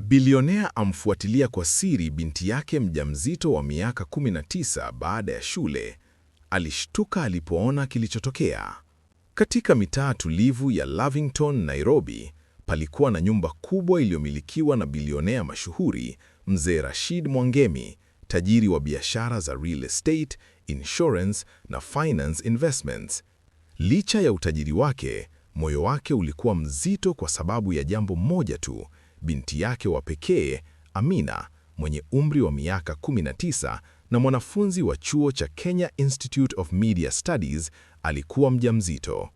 Bilionea amfuatilia kwa siri binti yake mjamzito wa miaka 19 baada ya shule. Alishtuka alipoona kilichotokea. Katika mitaa tulivu ya Lavington, Nairobi, palikuwa na nyumba kubwa iliyomilikiwa na bilionea mashuhuri, Mzee Rashid Mwangemi, tajiri wa biashara za real estate, insurance na finance investments. Licha ya utajiri wake, moyo wake ulikuwa mzito kwa sababu ya jambo moja tu binti yake wa pekee Amina mwenye umri wa miaka 19 na mwanafunzi wa chuo cha Kenya Institute of Media Studies alikuwa mjamzito.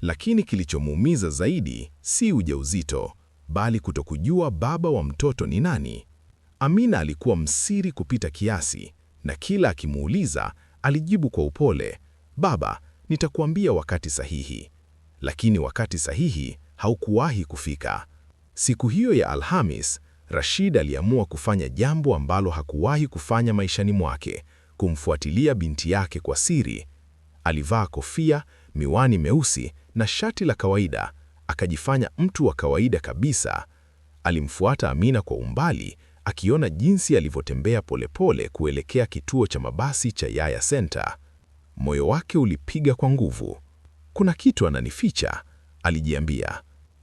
Lakini kilichomuumiza zaidi si ujauzito, bali kutokujua baba wa mtoto ni nani. Amina alikuwa msiri kupita kiasi, na kila akimuuliza alijibu kwa upole, baba, nitakuambia wakati sahihi. Lakini wakati sahihi haukuwahi kufika. Siku hiyo ya Alhamis, Rashid aliamua kufanya jambo ambalo hakuwahi kufanya maishani mwake, kumfuatilia binti yake kwa siri. Alivaa kofia, miwani meusi na shati la kawaida, akajifanya mtu wa kawaida kabisa. Alimfuata Amina kwa umbali, akiona jinsi alivyotembea polepole kuelekea kituo cha mabasi cha Yaya Center. Moyo wake ulipiga kwa nguvu. Kuna kitu ananificha, alijiambia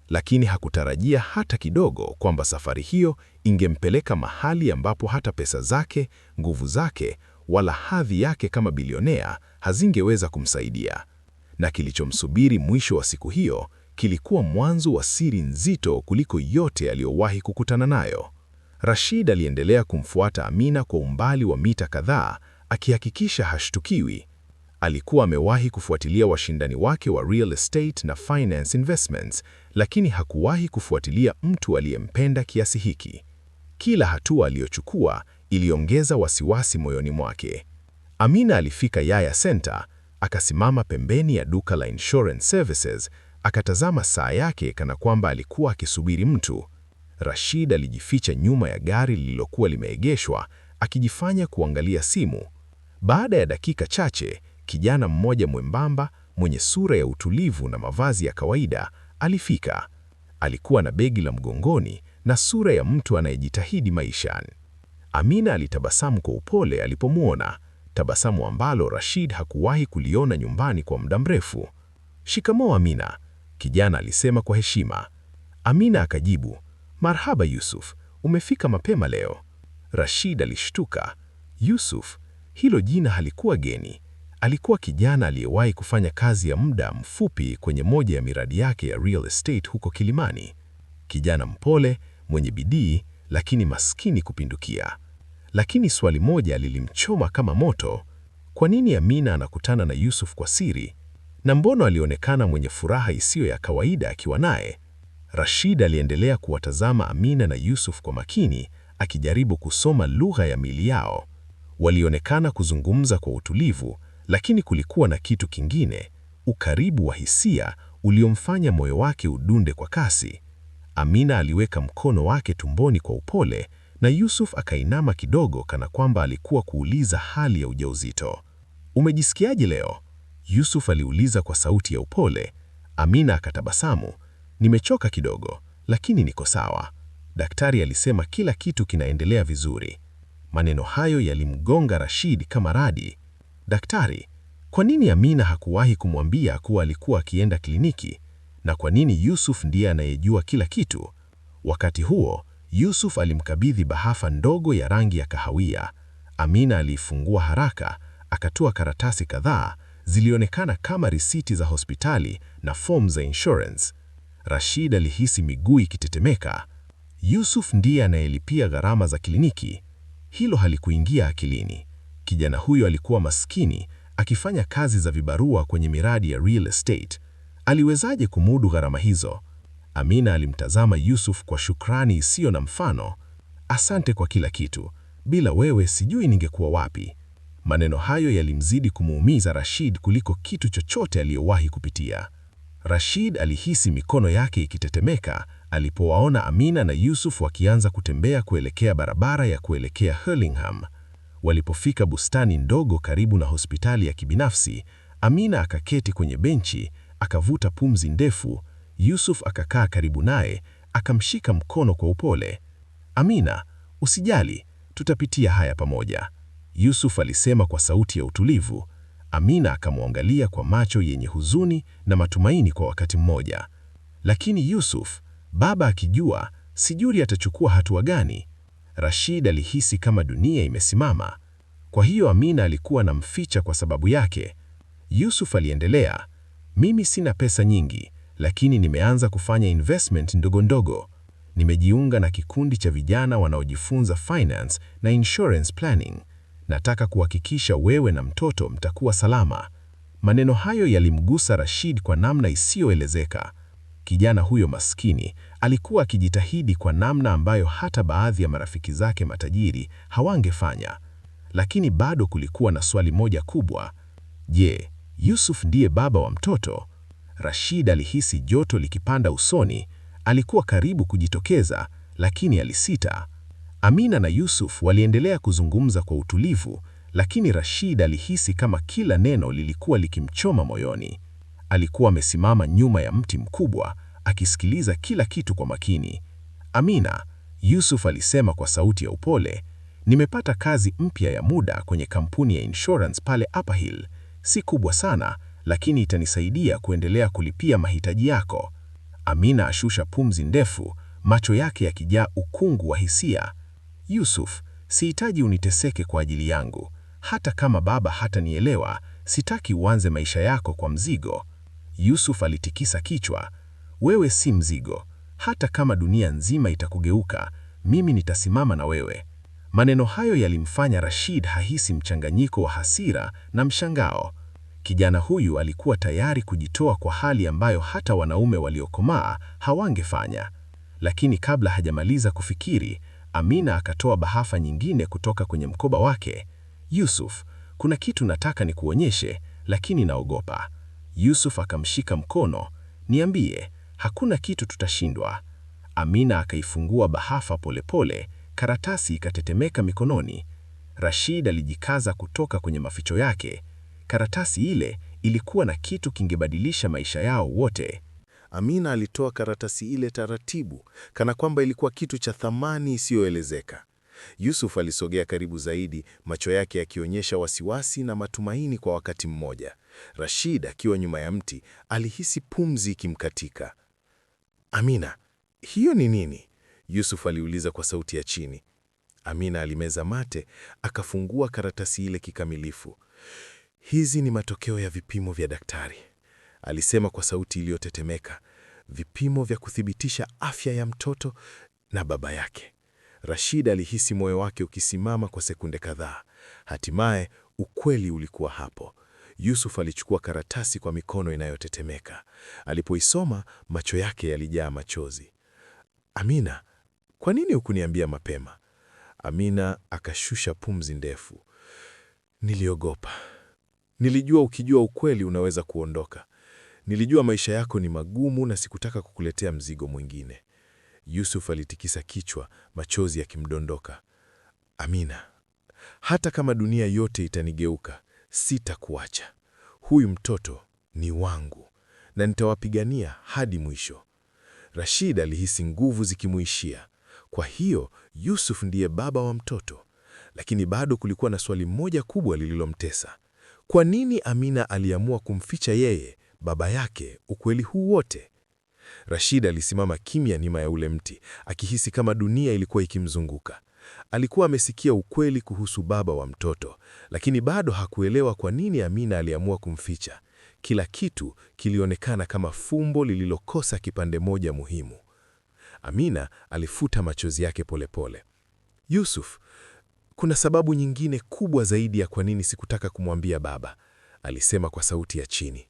lakini hakutarajia hata kidogo kwamba safari hiyo ingempeleka mahali ambapo hata pesa zake, nguvu zake, wala hadhi yake kama bilionea hazingeweza kumsaidia. Na kilichomsubiri mwisho wa siku hiyo kilikuwa mwanzo wa siri nzito kuliko yote aliyowahi kukutana nayo. Rashid aliendelea kumfuata Amina kwa umbali wa mita kadhaa, akihakikisha hashtukiwi. Alikuwa amewahi kufuatilia washindani wake wa real estate na finance investments, lakini hakuwahi kufuatilia mtu aliyempenda kiasi hiki. Kila hatua aliyochukua iliongeza wasiwasi moyoni mwake. Amina alifika Yaya Center, akasimama pembeni ya duka la insurance services, akatazama saa yake kana kwamba alikuwa akisubiri mtu. Rashid alijificha nyuma ya gari lililokuwa limeegeshwa, akijifanya kuangalia simu. Baada ya dakika chache kijana mmoja mwembamba mwenye sura ya utulivu na mavazi ya kawaida alifika. Alikuwa na begi la mgongoni na sura ya mtu anayejitahidi maishani. Amina alitabasamu kwa upole alipomwona, tabasamu ambalo Rashid hakuwahi kuliona nyumbani kwa muda mrefu. Shikamoo Amina, kijana alisema kwa heshima. Amina akajibu, marhaba Yusuf, umefika mapema leo. Rashid alishtuka. Yusuf, hilo jina halikuwa geni, Alikuwa kijana aliyewahi kufanya kazi ya muda mfupi kwenye moja ya miradi yake ya real estate huko Kilimani. Kijana mpole, mwenye bidii, lakini maskini kupindukia. Lakini swali moja lilimchoma kama moto, kwa nini Amina anakutana na Yusuf kwa siri? Na mbona alionekana mwenye furaha isiyo ya kawaida akiwa naye? Rashid aliendelea kuwatazama Amina na Yusuf kwa makini, akijaribu kusoma lugha ya mili yao. Walionekana kuzungumza kwa utulivu, lakini kulikuwa na kitu kingine, ukaribu wa hisia uliomfanya moyo wake udunde kwa kasi. Amina aliweka mkono wake tumboni kwa upole na Yusuf akainama kidogo, kana kwamba alikuwa kuuliza hali ya ujauzito. Umejisikiaje leo? Yusuf aliuliza kwa sauti ya upole. Amina akatabasamu. Nimechoka kidogo, lakini niko sawa. Daktari alisema kila kitu kinaendelea vizuri. Maneno hayo yalimgonga Rashid kama radi. Daktari, kwa nini Amina hakuwahi kumwambia kuwa alikuwa akienda kliniki na kwa nini Yusuf ndiye anayejua kila kitu? Wakati huo, Yusuf alimkabidhi bahafa ndogo ya rangi ya kahawia. Amina aliifungua haraka, akatoa karatasi kadhaa, zilionekana kama risiti za hospitali na fomu za insurance. Rashid alihisi miguu ikitetemeka. Yusuf ndiye anayelipia gharama za kliniki. Hilo halikuingia akilini. Kijana huyo alikuwa maskini, akifanya kazi za vibarua kwenye miradi ya real estate. Aliwezaje kumudu gharama hizo? Amina alimtazama Yusuf kwa shukrani isiyo na mfano. Asante kwa kila kitu, bila wewe sijui ningekuwa wapi. Maneno hayo yalimzidi kumuumiza Rashid kuliko kitu chochote aliyowahi kupitia. Rashid alihisi mikono yake ikitetemeka alipowaona Amina na Yusuf wakianza kutembea kuelekea barabara ya kuelekea Hurlingham. Walipofika bustani ndogo karibu na hospitali ya kibinafsi, Amina akaketi kwenye benchi, akavuta pumzi ndefu. Yusuf akakaa karibu naye, akamshika mkono kwa upole. Amina, usijali, tutapitia haya pamoja, Yusuf alisema kwa sauti ya utulivu. Amina akamwangalia kwa macho yenye huzuni na matumaini kwa wakati mmoja. Lakini Yusuf, baba akijua, sijuri atachukua hatua gani. Rashid alihisi kama dunia imesimama. Kwa hiyo Amina alikuwa na mficha kwa sababu yake. Yusuf aliendelea, mimi sina pesa nyingi, lakini nimeanza kufanya investment ndogo ndogo. Nimejiunga na kikundi cha vijana wanaojifunza finance na insurance planning. Nataka kuhakikisha wewe na mtoto mtakuwa salama. Maneno hayo yalimgusa Rashid kwa namna isiyoelezeka. Kijana huyo maskini alikuwa akijitahidi kwa namna ambayo hata baadhi ya marafiki zake matajiri hawangefanya. Lakini bado kulikuwa na swali moja kubwa. Je, Yusuf ndiye baba wa mtoto? Rashid alihisi joto likipanda usoni. Alikuwa karibu kujitokeza, lakini alisita. Amina na Yusuf waliendelea kuzungumza kwa utulivu, lakini Rashid alihisi kama kila neno lilikuwa likimchoma moyoni. Alikuwa amesimama nyuma ya mti mkubwa akisikiliza kila kitu kwa makini. Amina, Yusuf alisema kwa sauti ya upole, nimepata kazi mpya ya muda kwenye kampuni ya insurance pale Upper Hill. Si kubwa sana, lakini itanisaidia kuendelea kulipia mahitaji yako. Amina ashusha pumzi ndefu, macho yake yakijaa ukungu wa hisia. Yusuf, sihitaji uniteseke kwa ajili yangu. Hata kama baba hatanielewa, sitaki uanze maisha yako kwa mzigo. Yusuf alitikisa kichwa. Wewe si mzigo, hata kama dunia nzima itakugeuka, mimi nitasimama na wewe. Maneno hayo yalimfanya Rashid hahisi mchanganyiko wa hasira na mshangao. Kijana huyu alikuwa tayari kujitoa kwa hali ambayo hata wanaume waliokomaa hawangefanya. Lakini kabla hajamaliza kufikiri, Amina akatoa bahafa nyingine kutoka kwenye mkoba wake. Yusuf, kuna kitu nataka nikuonyeshe, lakini naogopa. Yusuf akamshika mkono, niambie, hakuna kitu tutashindwa. Amina akaifungua bahafa polepole pole, karatasi ikatetemeka mikononi. Rashid alijikaza kutoka kwenye maficho yake. Karatasi ile ilikuwa na kitu kingebadilisha maisha yao wote. Amina alitoa karatasi ile taratibu, kana kwamba ilikuwa kitu cha thamani isiyoelezeka. Yusuf alisogea karibu zaidi, macho yake yakionyesha wasiwasi na matumaini kwa wakati mmoja. Rashid akiwa nyuma ya mti alihisi pumzi ikimkatika. Amina, hiyo ni nini? Yusuf aliuliza kwa sauti ya chini. Amina alimeza mate, akafungua karatasi ile kikamilifu. Hizi ni matokeo ya vipimo vya daktari, alisema kwa sauti iliyotetemeka, vipimo vya kuthibitisha afya ya mtoto na baba yake. Rashid alihisi moyo wake ukisimama kwa sekunde kadhaa. Hatimaye ukweli ulikuwa hapo. Yusuf alichukua karatasi kwa mikono inayotetemeka. Alipoisoma, macho yake yalijaa machozi. Amina, kwa nini hukuniambia mapema? Amina akashusha pumzi ndefu. Niliogopa. Nilijua ukijua ukweli unaweza kuondoka. Nilijua maisha yako ni magumu na sikutaka kukuletea mzigo mwingine. Yusuf alitikisa kichwa, machozi yakimdondoka. Amina, hata kama dunia yote itanigeuka, sitakuacha. Huyu mtoto ni wangu na nitawapigania hadi mwisho. Rashid alihisi nguvu zikimuishia. Kwa hiyo Yusuf ndiye baba wa mtoto, lakini bado kulikuwa na swali moja kubwa lililomtesa: kwa nini Amina aliamua kumficha yeye, baba yake, ukweli huu wote? Rashid alisimama kimya nyuma ya ule mti, akihisi kama dunia ilikuwa ikimzunguka. Alikuwa amesikia ukweli kuhusu baba wa mtoto, lakini bado hakuelewa kwa nini Amina aliamua kumficha. Kila kitu kilionekana kama fumbo lililokosa kipande moja muhimu. Amina alifuta machozi yake polepole. Yusuf, kuna sababu nyingine kubwa zaidi ya kwa nini sikutaka kumwambia baba, alisema kwa sauti ya chini.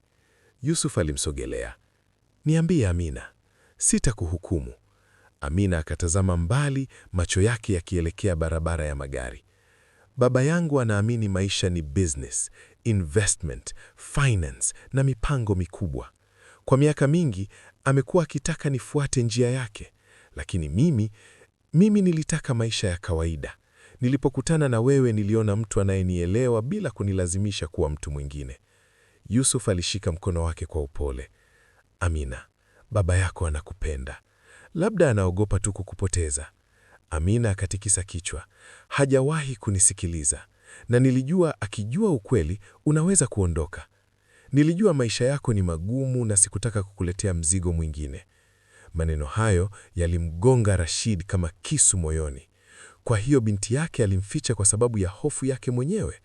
Yusuf alimsogelea. Niambie Amina, sitakuhukumu. Amina akatazama mbali, macho yake yakielekea barabara ya magari. Baba yangu anaamini maisha ni business, investment, finance na mipango mikubwa. Kwa miaka mingi amekuwa akitaka nifuate njia yake, lakini mimi mimi nilitaka maisha ya kawaida. Nilipokutana na wewe, niliona mtu anayenielewa bila kunilazimisha kuwa mtu mwingine. Yusuf alishika mkono wake kwa upole. Amina, baba yako anakupenda, labda anaogopa tu kukupoteza. Amina akatikisa kichwa. Hajawahi kunisikiliza, na nilijua akijua ukweli unaweza kuondoka. Nilijua maisha yako ni magumu na sikutaka kukuletea mzigo mwingine. Maneno hayo yalimgonga Rashid kama kisu moyoni. Kwa hiyo binti yake alimficha kwa sababu ya hofu yake mwenyewe.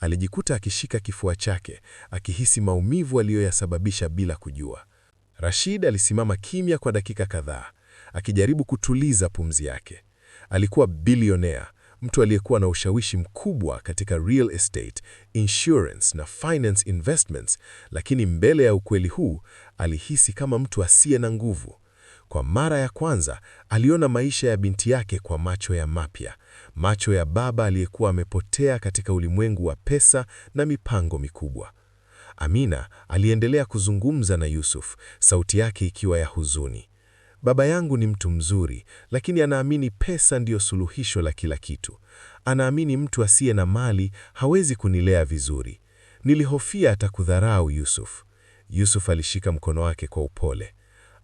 Alijikuta akishika kifua chake, akihisi maumivu aliyoyasababisha bila kujua. Rashid alisimama kimya kwa dakika kadhaa, akijaribu kutuliza pumzi yake. Alikuwa bilionea, mtu aliyekuwa na ushawishi mkubwa katika real estate, insurance na finance investments, lakini mbele ya ukweli huu alihisi kama mtu asiye na nguvu. Kwa mara ya kwanza aliona maisha ya binti yake kwa macho ya mapya, macho ya baba aliyekuwa amepotea katika ulimwengu wa pesa na mipango mikubwa. Amina aliendelea kuzungumza na Yusuf, sauti yake ikiwa ya huzuni. Baba yangu ni mtu mzuri, lakini anaamini pesa ndiyo suluhisho la kila kitu. Anaamini mtu asiye na mali hawezi kunilea vizuri. Nilihofia atakudharau Yusuf. Yusuf alishika mkono wake kwa upole.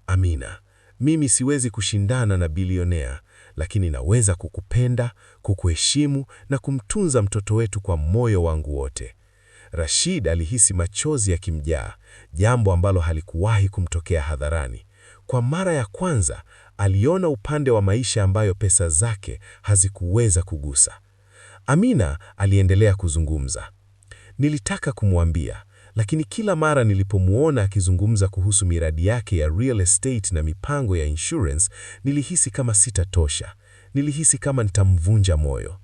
Amina, mimi siwezi kushindana na bilionea, lakini naweza kukupenda, kukuheshimu na kumtunza mtoto wetu kwa moyo wangu wote. Rashid alihisi machozi yakimjaa, jambo ambalo halikuwahi kumtokea hadharani. Kwa mara ya kwanza aliona upande wa maisha ambayo pesa zake hazikuweza kugusa. Amina aliendelea kuzungumza. Nilitaka kumwambia, lakini kila mara nilipomwona akizungumza kuhusu miradi yake ya real estate na mipango ya insurance, nilihisi kama sitatosha. Nilihisi kama nitamvunja moyo.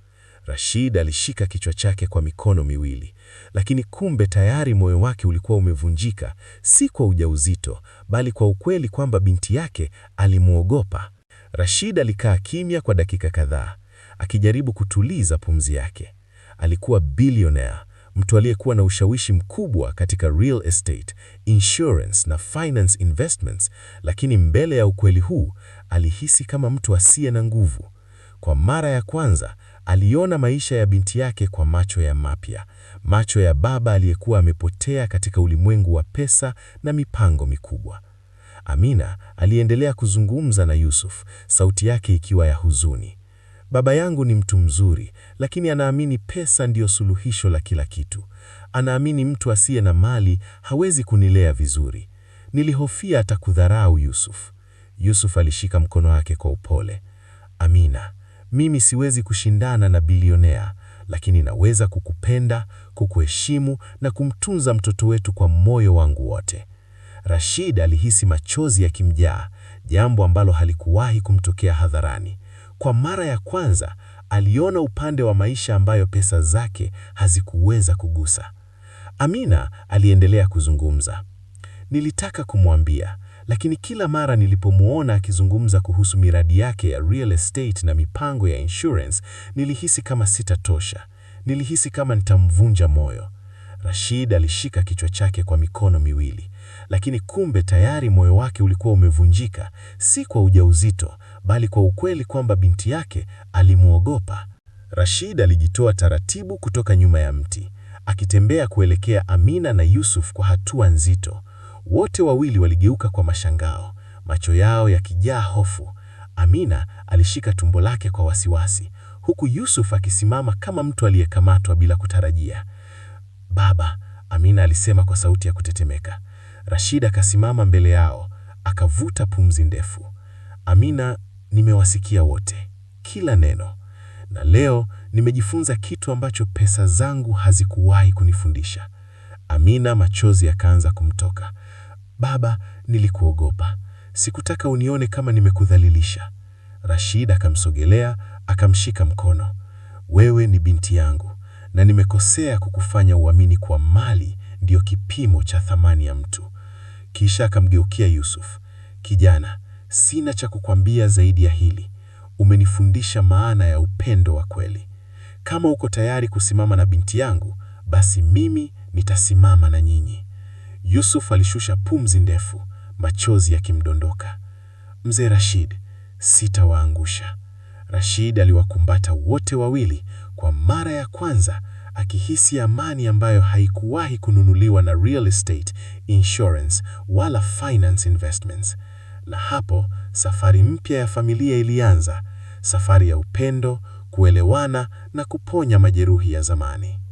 Rashid alishika kichwa chake kwa mikono miwili, lakini kumbe tayari moyo wake ulikuwa umevunjika, si kwa ujauzito, bali kwa ukweli kwamba binti yake alimwogopa. Rashid alikaa kimya kwa dakika kadhaa, akijaribu kutuliza pumzi yake. Alikuwa bilionea, mtu aliyekuwa na ushawishi mkubwa katika real estate, insurance na finance investments, lakini mbele ya ukweli huu alihisi kama mtu asiye na nguvu. Kwa mara ya kwanza aliona maisha ya binti yake kwa macho ya mapya, macho ya baba aliyekuwa amepotea katika ulimwengu wa pesa na mipango mikubwa. Amina aliendelea kuzungumza na Yusuf, sauti yake ikiwa ya huzuni. Baba yangu ni mtu mzuri, lakini anaamini pesa ndiyo suluhisho la kila kitu. Anaamini mtu asiye na mali hawezi kunilea vizuri. Nilihofia atakudharau Yusuf. Yusuf alishika mkono wake kwa upole. Amina, mimi siwezi kushindana na bilionea, lakini naweza kukupenda, kukuheshimu na kumtunza mtoto wetu kwa moyo wangu wote. Rashid alihisi machozi yakimjaa, jambo ambalo halikuwahi kumtokea hadharani. Kwa mara ya kwanza aliona upande wa maisha ambayo pesa zake hazikuweza kugusa. Amina aliendelea kuzungumza. Nilitaka kumwambia lakini kila mara nilipomwona akizungumza kuhusu miradi yake ya real estate na mipango ya insurance, nilihisi kama sitatosha. Nilihisi kama nitamvunja moyo. Rashid alishika kichwa chake kwa mikono miwili, lakini kumbe tayari moyo wake ulikuwa umevunjika, si kwa ujauzito, bali kwa ukweli kwamba binti yake alimwogopa. Rashid alijitoa taratibu kutoka nyuma ya mti, akitembea kuelekea Amina na Yusuf kwa hatua nzito. Wote wawili waligeuka kwa mashangao, macho yao yakijaa hofu. Amina alishika tumbo lake kwa wasiwasi, huku Yusuf akisimama kama mtu aliyekamatwa bila kutarajia. Baba, Amina alisema kwa sauti ya kutetemeka. Rashid akasimama mbele yao, akavuta pumzi ndefu. Amina, nimewasikia wote, kila neno, na leo nimejifunza kitu ambacho pesa zangu hazikuwahi kunifundisha. Amina, machozi yakaanza kumtoka. Baba, nilikuogopa. Sikutaka unione kama nimekudhalilisha. Rashid akamsogelea, akamshika mkono. Wewe ni binti yangu na nimekosea kukufanya uamini kwa mali ndiyo kipimo cha thamani ya mtu. Kisha akamgeukia Yusuf. Kijana, sina cha kukwambia zaidi ya hili. Umenifundisha maana ya upendo wa kweli. Kama uko tayari kusimama na binti yangu, basi mimi nitasimama na nyinyi. Yusuf alishusha pumzi ndefu, machozi yakimdondoka. Mzee Rashid, sitawaangusha. Rashid aliwakumbata wote wawili kwa mara ya kwanza, akihisi amani ambayo haikuwahi kununuliwa na real estate insurance wala finance investments. Na hapo safari mpya ya familia ilianza, safari ya upendo, kuelewana na kuponya majeruhi ya zamani.